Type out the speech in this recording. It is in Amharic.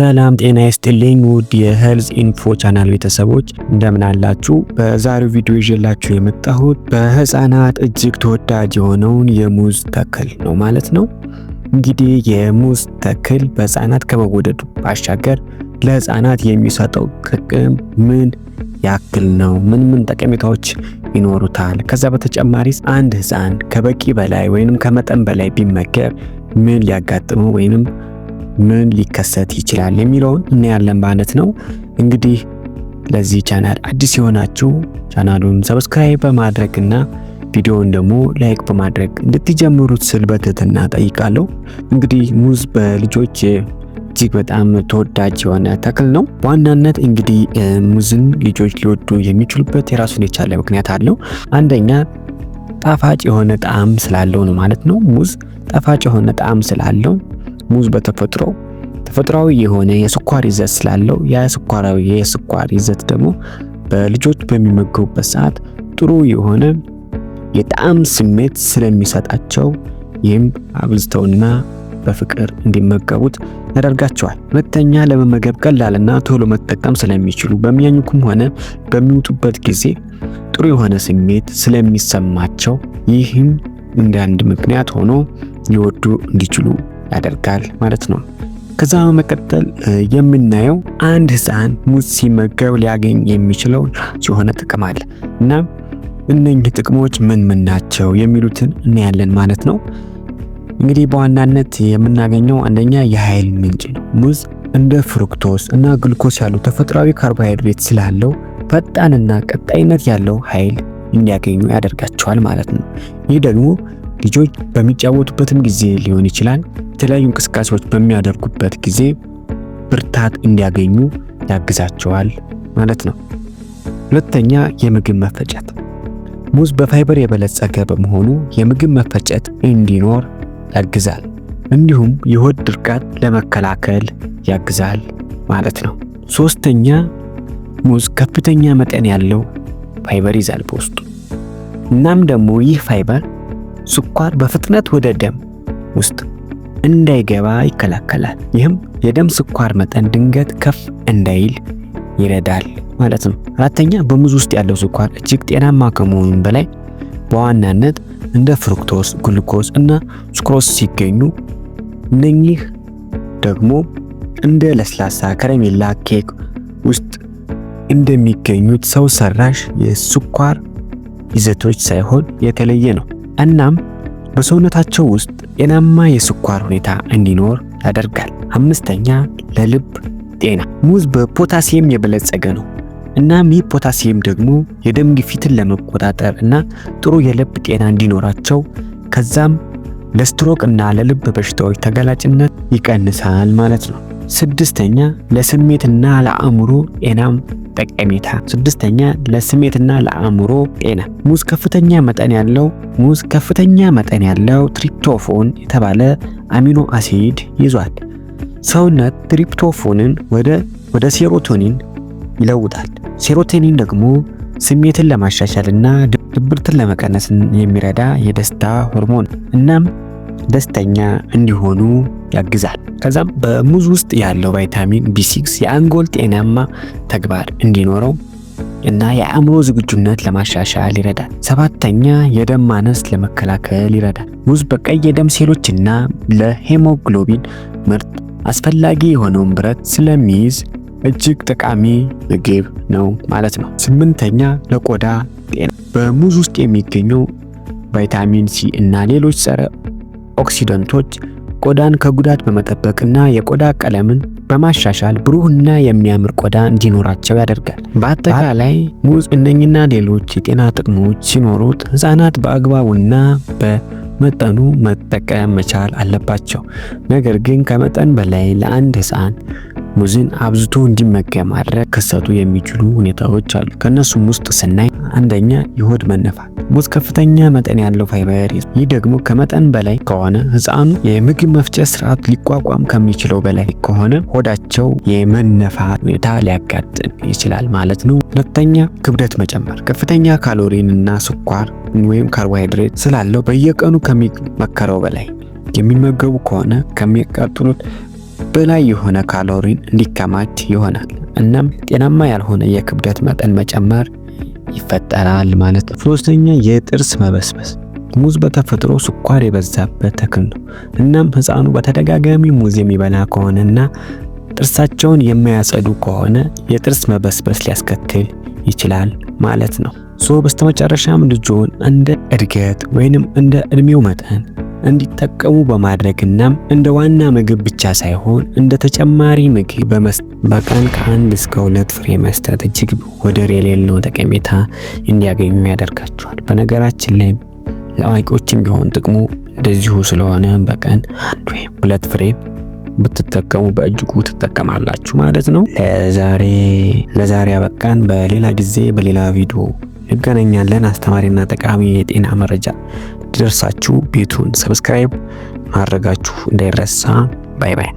ሰላም ጤና ይስጥልኝ ውድ የሄልዝ ኢንፎ ቻናል ቤተሰቦች እንደምን አላችሁ? በዛሬው ቪዲዮ ይዤላችሁ የመጣሁት በህፃናት እጅግ ተወዳጅ የሆነውን የሙዝ ተክል ነው ማለት ነው። እንግዲህ የሙዝ ተክል በህፃናት ከመወደዱ ባሻገር ለህፃናት የሚሰጠው ጥቅም ምን ያክል ነው? ምን ምን ጠቀሜታዎች ይኖሩታል? ከዛ በተጨማሪስ አንድ ህፃን ከበቂ በላይ ወይንም ከመጠን በላይ ቢመገብ ምን ሊያጋጥመው ወይንም ምን ሊከሰት ይችላል የሚለውን እናያለን ማለት ነው። እንግዲህ ለዚህ ቻናል አዲስ የሆናችሁ ቻናሉን ሰብስክራይብ በማድረግና ቪዲዮውን ደግሞ ላይክ በማድረግ እንድትጀምሩት ስል በትህትና ጠይቃለሁ። እንግዲህ ሙዝ በልጆች እጅግ በጣም ተወዳጅ የሆነ ተክል ነው። በዋናነት እንግዲህ ሙዝን ልጆች ሊወዱ የሚችሉበት የራሱን የቻለ ምክንያት አለው። አንደኛ ጣፋጭ የሆነ ጣዕም ስላለው ነው ማለት ነው። ሙዝ ጣፋጭ የሆነ ጣዕም ስላለው ሙዝ በተፈጥሮ ተፈጥሯዊ የሆነ የስኳር ይዘት ስላለው ያ ስኳራዊ የስኳር ይዘት ደግሞ በልጆች በሚመገቡበት ሰዓት ጥሩ የሆነ የጣዕም ስሜት ስለሚሰጣቸው ይህም አብዝተውና በፍቅር እንዲመገቡት ያደርጋቸዋል። ሁለተኛ ለመመገብ ቀላልና ቶሎ መጠቀም ስለሚችሉ በሚያኙኩም ሆነ በሚውጡበት ጊዜ ጥሩ የሆነ ስሜት ስለሚሰማቸው ይህም እንደ አንድ ምክንያት ሆኖ ሊወዱ እንዲችሉ ያደርጋል ማለት ነው። ከዛ በመቀጠል የምናየው አንድ ህፃን ሙዝ ሲመገብ ሊያገኝ የሚችለው የሆነ ጥቅም አለ እና እነኚህ ጥቅሞች ምን ምን ናቸው የሚሉትን እናያለን ማለት ነው። እንግዲህ በዋናነት የምናገኘው አንደኛ የኃይል ምንጭ ነው። ሙዝ እንደ ፍሩክቶስ እና ግልኮስ ያሉ ተፈጥሯዊ ካርቦሃይድሬት ስላለው ፈጣንና ቀጣይነት ያለው ኃይል እንዲያገኙ ያደርጋቸዋል ማለት ነው። ይህ ደግሞ ልጆች በሚጫወቱበትም ጊዜ ሊሆን ይችላል የተለያዩ እንቅስቃሴዎች በሚያደርጉበት ጊዜ ብርታት እንዲያገኙ ያግዛቸዋል ማለት ነው። ሁለተኛ የምግብ መፈጨት፣ ሙዝ በፋይበር የበለጸገ በመሆኑ የምግብ መፈጨት እንዲኖር ያግዛል። እንዲሁም የሆድ ድርቀት ለመከላከል ያግዛል ማለት ነው። ሶስተኛ ሙዝ ከፍተኛ መጠን ያለው ፋይበር ይዛል በውስጡ። እናም ደግሞ ይህ ፋይበር ስኳር በፍጥነት ወደ ደም ውስጥ እንዳይገባ ይከላከላል። ይህም የደም ስኳር መጠን ድንገት ከፍ እንዳይል ይረዳል ማለት ነው። አራተኛ በሙዝ ውስጥ ያለው ስኳር እጅግ ጤናማ ከመሆኑም በላይ በዋናነት እንደ ፍሩክቶስ፣ ግሉኮስ እና ስኩሮስ ሲገኙ እነኚህ ደግሞ እንደ ለስላሳ፣ ከረሜላ፣ ኬክ ውስጥ እንደሚገኙት ሰው ሰራሽ የስኳር ይዘቶች ሳይሆን የተለየ ነው። እናም በሰውነታቸው ውስጥ ጤናማ የስኳር ሁኔታ እንዲኖር ያደርጋል። አምስተኛ ለልብ ጤና ሙዝ በፖታሲየም የበለጸገ ነው። እናም ይህ ፖታሲየም ደግሞ የደም ግፊትን ለመቆጣጠር እና ጥሩ የልብ ጤና እንዲኖራቸው ከዛም ለስትሮክ እና ለልብ በሽታዎች ተጋላጭነት ይቀንሳል ማለት ነው። ስድስተኛ ለስሜትና ለአእምሮ ጤናም ጠቀሜታ። ስድስተኛ ለስሜትና ለአእምሮ ጤና ሙዝ ከፍተኛ መጠን ያለው ሙዝ ከፍተኛ መጠን ያለው ትሪፕቶፎን የተባለ አሚኖ አሲድ ይዟል። ሰውነት ትሪፕቶፎንን ወደ ወደ ሴሮቶኒን ይለውጣል። ሴሮቶኒን ደግሞ ስሜትን ለማሻሻልና ድብርትን ለመቀነስ የሚረዳ የደስታ ሆርሞን እናም ደስተኛ እንዲሆኑ ያግዛል። ከዛም በሙዝ ውስጥ ያለው ቫይታሚን ቢ6 የአንጎል ጤናማ ተግባር እንዲኖረው እና የአእምሮ ዝግጁነት ለማሻሻል ይረዳል። ሰባተኛ የደም ማነስ ለመከላከል ይረዳል። ሙዝ በቀይ የደም ሴሎችና ለሄሞግሎቢን ምርት አስፈላጊ የሆነውን ብረት ስለሚይዝ እጅግ ጠቃሚ ምግብ ነው ማለት ነው። ስምንተኛ ለቆዳ ጤና በሙዝ ውስጥ የሚገኘው ቫይታሚን ሲ እና ሌሎች ጸረ ኦክሲደንቶች ቆዳን ከጉዳት በመጠበቅና የቆዳ ቀለምን በማሻሻል ብሩህና የሚያምር ቆዳ እንዲኖራቸው ያደርጋል። በአጠቃላይ ሙዝ እነኝና ሌሎች የጤና ጥቅሞች ሲኖሩት ህፃናት በአግባቡና በመጠኑ መጠቀም መቻል አለባቸው። ነገር ግን ከመጠን በላይ ለአንድ ህፃን ሙዝን አብዝቶ እንዲመገብ ማድረግ ከሰቱ የሚችሉ ሁኔታዎች አሉ። ከእነሱም ውስጥ ስናይ አንደኛ የሆድ መነፋት። ሙዝ ከፍተኛ መጠን ያለው ፋይበር፣ ይህ ደግሞ ከመጠን በላይ ከሆነ ህፃኑ የምግብ መፍጨ ስርዓት ሊቋቋም ከሚችለው በላይ ከሆነ ሆዳቸው የመነፋት ሁኔታ ሊያጋጥም ይችላል ማለት ነው። ሁለተኛ ክብደት መጨመር፣ ከፍተኛ ካሎሪን እና ስኳር ወይም ካርቦሃይድሬት ስላለው በየቀኑ ከሚመከረው በላይ የሚመገቡ ከሆነ ከሚያቃጥሉት በላይ የሆነ ካሎሪን እንዲከማች ይሆናል። እናም ጤናማ ያልሆነ የክብደት መጠን መጨመር ይፈጠራል ማለት ነው። ሶስተኛ የጥርስ መበስበስ። ሙዝ በተፈጥሮ ስኳር የበዛበት ተክል ነው። እናም ህፃኑ በተደጋጋሚ ሙዝ የሚበላ ከሆነና ጥርሳቸውን የማያጸዱ ከሆነ የጥርስ መበስበስ ሊያስከትል ይችላል ማለት ነው። ሶ በስተመጨረሻም ልጆን እንደ እድገት ወይንም እንደ እድሜው መጠን እንዲጠቀሙ በማድረግና እንደ ዋና ምግብ ብቻ ሳይሆን እንደ ተጨማሪ ምግብ በመስጠት በቀን ከአንድ እስከ ሁለት ፍሬ መስጠት እጅግ ወደር የሌለው ጠቀሜታ እንዲያገኙ ያደርጋቸዋል። በነገራችን ላይ ለአዋቂዎችም ቢሆን ጥቅሙ እንደዚሁ ስለሆነ በቀን አንድ ወይም ሁለት ፍሬ ብትጠቀሙ በእጅጉ ትጠቀማላችሁ ማለት ነው። ለዛሬ ለዛሬ አበቃን። በሌላ ጊዜ በሌላ ቪዲዮ እንገናኛለን። አስተማሪና ጠቃሚ የጤና መረጃ እንዲደርሳችሁ ቤቱን ሰብስክራይብ ማድረጋችሁ እንዳይረሳ። ባይ ባይ።